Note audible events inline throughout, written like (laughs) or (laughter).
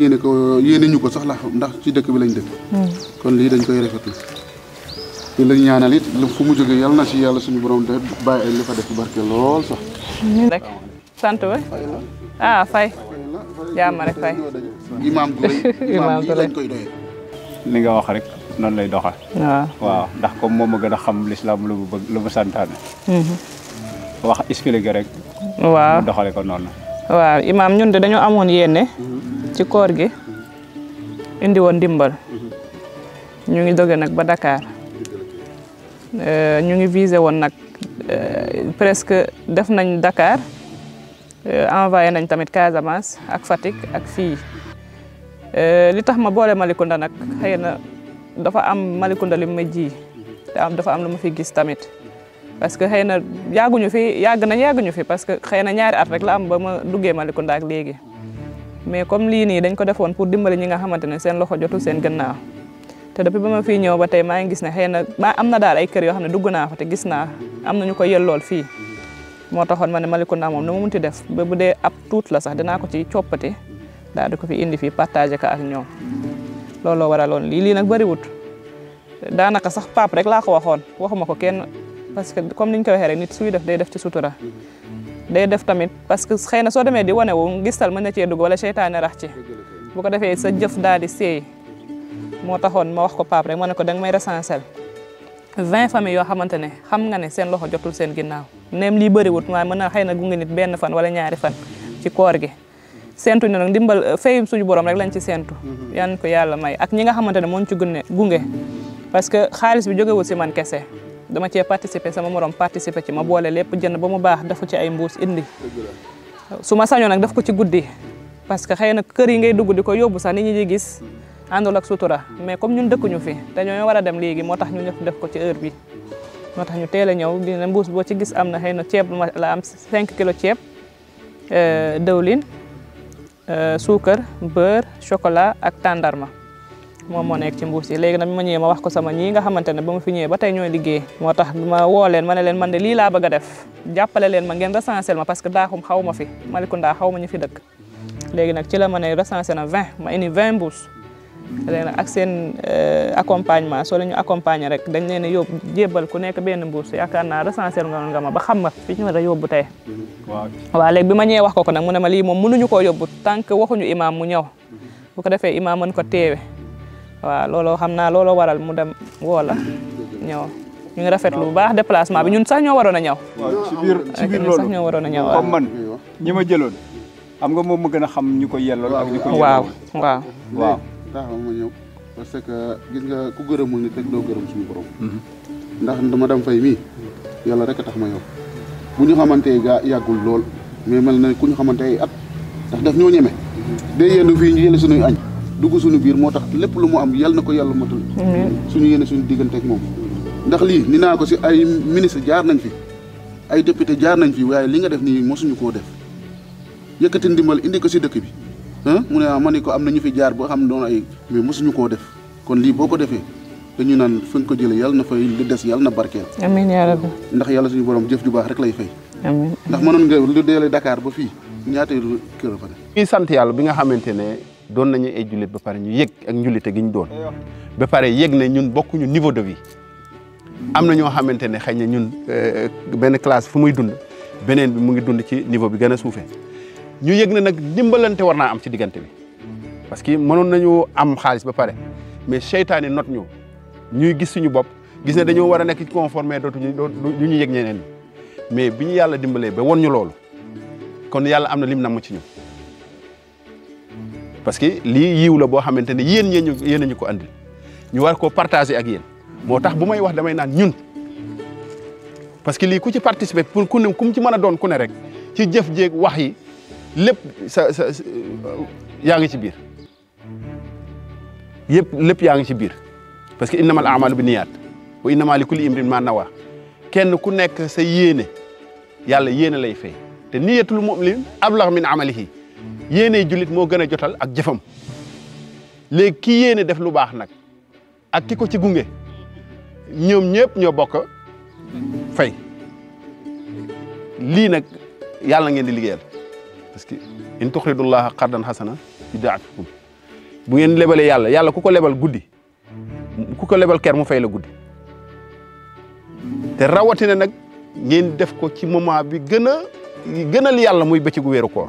yene ko yene ñu ko sax ndax ci dëkk bi lañ dëkk hmm. kon li dañ koy rafetlu di la ñaanal it lu fu mu joge yalla na ci yalla suñu borom def baye ay li fa def barke lool sax rek sante ba ah fay jaam rek fay imam gu imam gu lañ koy doye li nga wax rek non lay doxal waaw ndax ko mo ma gën xam l'islam lu bëgg lu santane santaane hmm. wax expliqué rek waaw doxale ko non waaw imam ñun de dañu amone yene hmm. ci koor gi indi woon ndimbal mm-hmm. ñu ngi doge nag ba Dakar mm-hmm. euh, ñu ngi visé woon nag euh, presque def nañ dakaar euh, envoyé nañ tamit Casamance ak Fatick ak fii li tax ma boole Malicounda nag xëy na dafa am Malicounda li ma ji te mm-hmm. am dafa am lu ma fi gis tamit parce que xëy na yàgguñu fi yàgg nañ yàgguñu fi parce que xëy na ñaari at rek la am ba ma duggee Malicounda ak léegi mais comme lii nii dañ ko defoon pour dimbali ñi nga xamante ne seen loxo jotul seen gannaaw te depuis ba ma fii ñëw ba tey maa ngi gis ne xëy na maa am na daal ay kër yoo xam ne dugg naa fa te gis naa am na ñu ko yellool fii moo taxoon ma ne Malicounda moom na mun munti def ba bu dee ab tuut la sax dinaa ko ci coppati daal di ko fi indi fii partagé ko ak ñoom looloo waraloon lii lii nag bëriwut daanaka sax paap rek laa ko waxoon waxuma ko kenn parce que comme niñ ko waxee rek nit suy def day def ci sutura day def tamit parce que xëy na soo demee di wane wu ngistal mën na cee dugg wala seytaane rax ci bu ko defee sa jëf daal di seey moo taxoon ma wax ko paap rek ma ne ko danga may recensel vingt famille yoo xamante ne xam nga ne seen loxo jotul seen ginnaaw neem lii bëriwut waaye mën na xëy na gunge nit benn fan wala ñaari fan ci koor gi sentu ñu nag ndimbal euh, fay suñu borom rek lañ ci sentu mm-hmm. yan ko yàlla may ak ñi nga xamante ne moom ci gunne gunge parce que xaalis bi jógewul si man kese dama cee participer sama morom participer ci ma boole lépp jënd ba mu baax dafa ci ay mbuus indi suma sañu nak nag ko ci guddi parce que xëy na kër yi ngay dugg di ko yóbbu sax nit ñi di gis àndul ak sutura mais comme ñun dëkkuñu fi te ñoo war a dem léegi moo tax ñu ñëpp def ko ci heure bi moo tax ñu teel a ñëw dina mbuus boo ci gis am na xëy na ceeb la am 5 kilo ceeb euh, dëwlin euh, sucre beurre chocolat ak tandarma moom mo nek ci mbuus yi léegi nag ma ñëwee ma wax ko sama ñi nga xamantene ne fi ñëwee ba tey ñooy liggéey moo tax ma woo leen ma leen man de li la bëgg def jappalé leen ma ngeen recenser ma parce que daaxum xaw ma fi maliku nda xawma ñu fi dëkk léegi nak ci la mané recenser na 20 ma indi 20 mbuus léegi nag ak seen euh, accompagnement so lañu accompagner rek dañ leen yob yóbbu ku nek benn mbuus yaakaar na recenser nga nga ma ba xam ma fi ñu da yobu tay wa waaw léegi bi ma wax ko ko nag mu ne ma lii moom mënuñu ko yobu tank que waxuñu imam mu ñëw bu ko defee imam mën ko teewe waaw looloo xam naa looloo waral mu dem woo la ñëw ñu ngi rafetlu bu baax déplacement bi ñun sax ñoo waroon a ñëw. waaw ci biir ci biir loolu sax ñoo waroon a ñëw waaw comme man ñi ma jëloon xam nga moom ma gën a xam ñu ko yellool ak ñu ko yellool waaw waaw waaw taxaw ma ñëw parce que gis nga ku gërëmul nit rek doo gërëm suñu borom mhm. ndax dama dem fay mii yàlla rek a tax ma yow bu ñu xamantee gaa yàggul lool mais mel na ku ñu xamante ay at ndax daf ñoo ñeme mhm. day yendu fii ñu jële suñuy añ dugg suñu biir motax lepp lu mu am yalla nako yalla matul suñu yene suñu digënté ak nina ndax li ni naa ko si ay ministre jaar nañ fi ay député jaar nañ fi waaye li nga def ni mosuñu ko def yëkëti ndimbal indi ko si dëkk bi mu ne ah, ma ko am na ñu fi jaar bo xam doon ay mais mosuñu ko def kon li boko defé dañu nan fa ko jël yalla na fay li dess yalla na barkeel amin ya rabbi ndax yalla suñu borom jëf ju baax rek lay fay amin ndax mënoon nga lu délé Dakar ba fi kër fa ne. sant yalla bi nga xamantene doon nañu ay jullit ba pare ñu yëg ak njullite gi ñu doon ba pare yëg ne ñun bokkuñu niveau de vie am na ñoo xamante ne xëy na ñun euh, benn classe fu muy dund beneen bi mu ngi dund ci niveau bi gën a suufe ñu yëg ne nag dimbalante war naa am ci diggante bi parce que mënoon nañu am xaalis ba pare mais seytaane not ñu ñuy gis suñu bopp gis ne dañoo war a nekk ci conformé dootuñu du ñu yëg ñeneen mais bi ñu yàlla dimbalee ba won ñu loolu kon yàlla am na lim namm ci ñu parce que lii yiw la boo xamante ne yéen ñee ñu yéen a ko andil ñu war ko partager ak yéen moo tax bu may wax damay naan ñun parce que lii ku ci participer pour ku ne ku mu ci mën a doon ku rek ci jëf jéeg wax yi lépp sa ngi ci biir yëpp lépp yaa ngi ci biir parce que innamal amalu bi niyaat wa innama li kulli imrin ma kenn ku nekk sa yéene yàlla yéene lay fay te niyatul mu'min ablag min amalihi yéeney jullit moo gën a jotal ak jëfam léegi kii yéene def lu baax nag ak ki ko ci gunge ñoom ñëpp ñoo bokk fay lii nag yàlla ngeen di liggéeyal parce que in tuxridullaha xardan xasana yudaatikum bu ngeen lebalee yàlla yàlla ku ko lebal guddi ku ko lebal ker mu fay la guddi te rawatina nag ngeen def ko ci moment bi gën a gënal yàlla muy bëccëgu weeru koor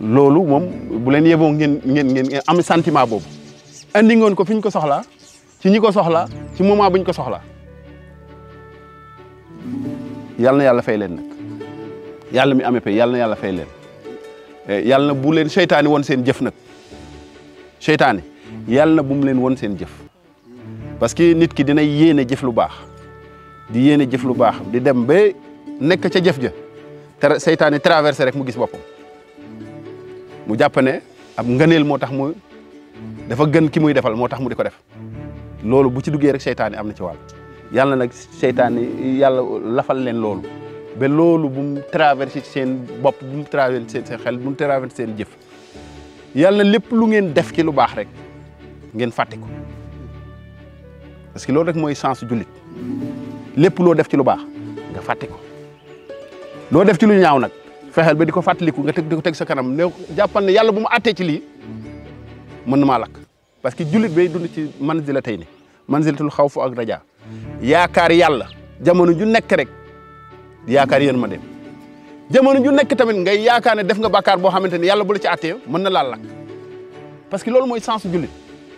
loolu moom bu leen yeboo ngeen ngeen ngeen am sentiment boobu andi ngoon ko fi ñu ko soxla ci ñi ko soxla ci moom bu ñu ko soxla yàlla na yàlla fay leen nag yàlla mi amee yàlla na yàlla fay leen eh, yàlla bu leen seytaane woon seen jëf nag seytaane yàlla na bu leen woon seen jëf parce que nit ki dina yéene jëf lu baax di yéene jëf lu baax di dem ba nekk ca jëf ja seytaane traversé rek mu gis boppam mu jàpp ne ab ngëneel moo tax mu dafa gën ki muy defal moo tax mu di ko def loolu bu ci dugee rek seytaane am na ci wàll yàlla nag seytaane yàlla lafal leen loolu ba loolu bu mu traversé seen bopp bu mu traversé seen xel bu mu traversé seen jëf yàlla na lépp lu ngeen def ki lu baax rek ngeen fàtte ko parce que loolu rek mooy sens jullit lépp loo def ci lu baax nga fàtte ko loo def ci lu ñaaw nag. fexeel ba di ko fàttaliku nga teg di ko teg sa kanam ne jàppal ne yàlla bu mu àttee ci lii mën na maa lakk parce que jullit bay dund ci manzila tey ni manzilatul xaw fu ak raja yaakaar yàlla jamono ju nekk rek yaakaar yéen ma dem jamono ju nekk tamit ngay yaakaar ne def nga bàkkaar boo xamante ne yàlla bu ci àttee mën na laa lakk parce que loolu mooy sens jullit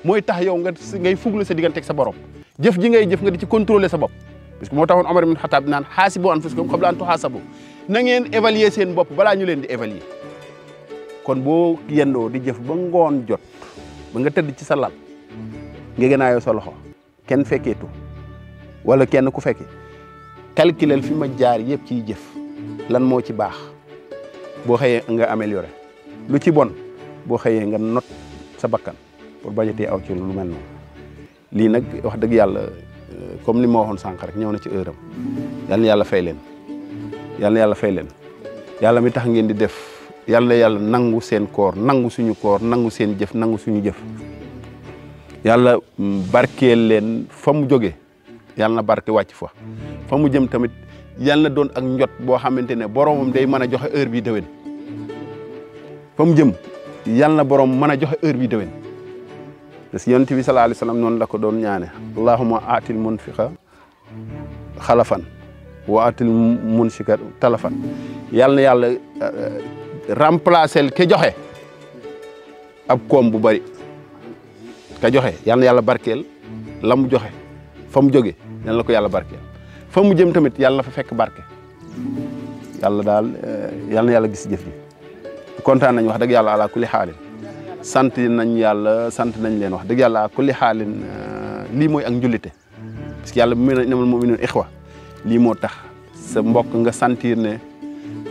mooy tax yow nga ngay fuglu sa digganteeg sa borom jëf ji ngay jëf nga di ci contrôler sa bopp parce que moo taxoon Omar ibn Khattab naan xaasibu anfusakum qabla an tuxaasabu na ngeen évaluer seen bopp balaa ñu leen di évaluer kon boo yendoo di jëf ba ngoon jot ba nga tëdd ci sa lal nga gënaayoo sa loxo kenn fekkeetu wala kenn ku fekke calculer fi ma jaar yëpp ciy jëf lan moo ci baax boo xëyee nga amélioré lu ci bon boo xëyee nga not sa bakkan pour bañatee aw ci lu mel noonu lii nag wax dëgg yàlla euh, comme li ma waxoon sànq rek ñëw na ci heure am yal na yàlla fay leen yàlla na yàlla fay leen yàlla mi tax ngeen di def yàlla na yàlla nangu seen koor nangu suñu koor nangu seen jëf nangu suñu jëf yàlla barkeel leen fa mu jóge yàlla na barke wàcc fa fa mu jëm tamit yàlla na doon ak njot boo xamante ne boromam day mën a joxe heure bi déwén fa mu jëm yàlla na borom mën a joxe heure bi déwén parce que yonent bi sallallahu alayhi wa sallam noonu la ko doon ñaane allahumma atil munfiqa xalafan wa atil sika talafan yàlla na yàlla eh, remplacer ke joxe ab koom bu bari ka joxe yàlla na yàlla barkeel la mu joxe fa mu jóge yàlla la ko yàlla barkeel fa mu jëm tamit yàlla na fa fekk barke yàlla daal eh, yàlla na yàlla gis jëf yi kontaan nañ wax dëgg yàlla ala kulli xaalin sant nañ yàlla sant nañ leen wax dëgg yàlla ala kulli xaalin eh, lii mooy ak njullite parce que yàlla mu ne innamal mu'minuuna li moo tax sa mbokk nga sentir ne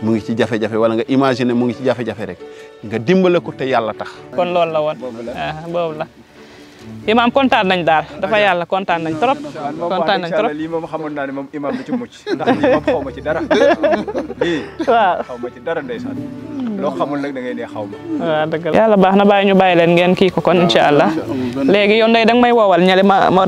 mu ngi ci jafé jafé wala nga imaginer mu ngi ci jafé jafé rek nga dimbale ko te yalla tax. kon lool la won bobu la. Ah, imam kontaan nañ dal dafa yalla kontaan nañ trop kontaan nañ trop li mom xamone na ni mom imam du ci mucc ndax lii moom xaw ci dara (laughs) li waaw xaw ma ci dara ndeysaan loo xamul nag da ngay ne xaw ñu ngeen ko kon incha allah léegi yow ndey may woowal ñale ma ma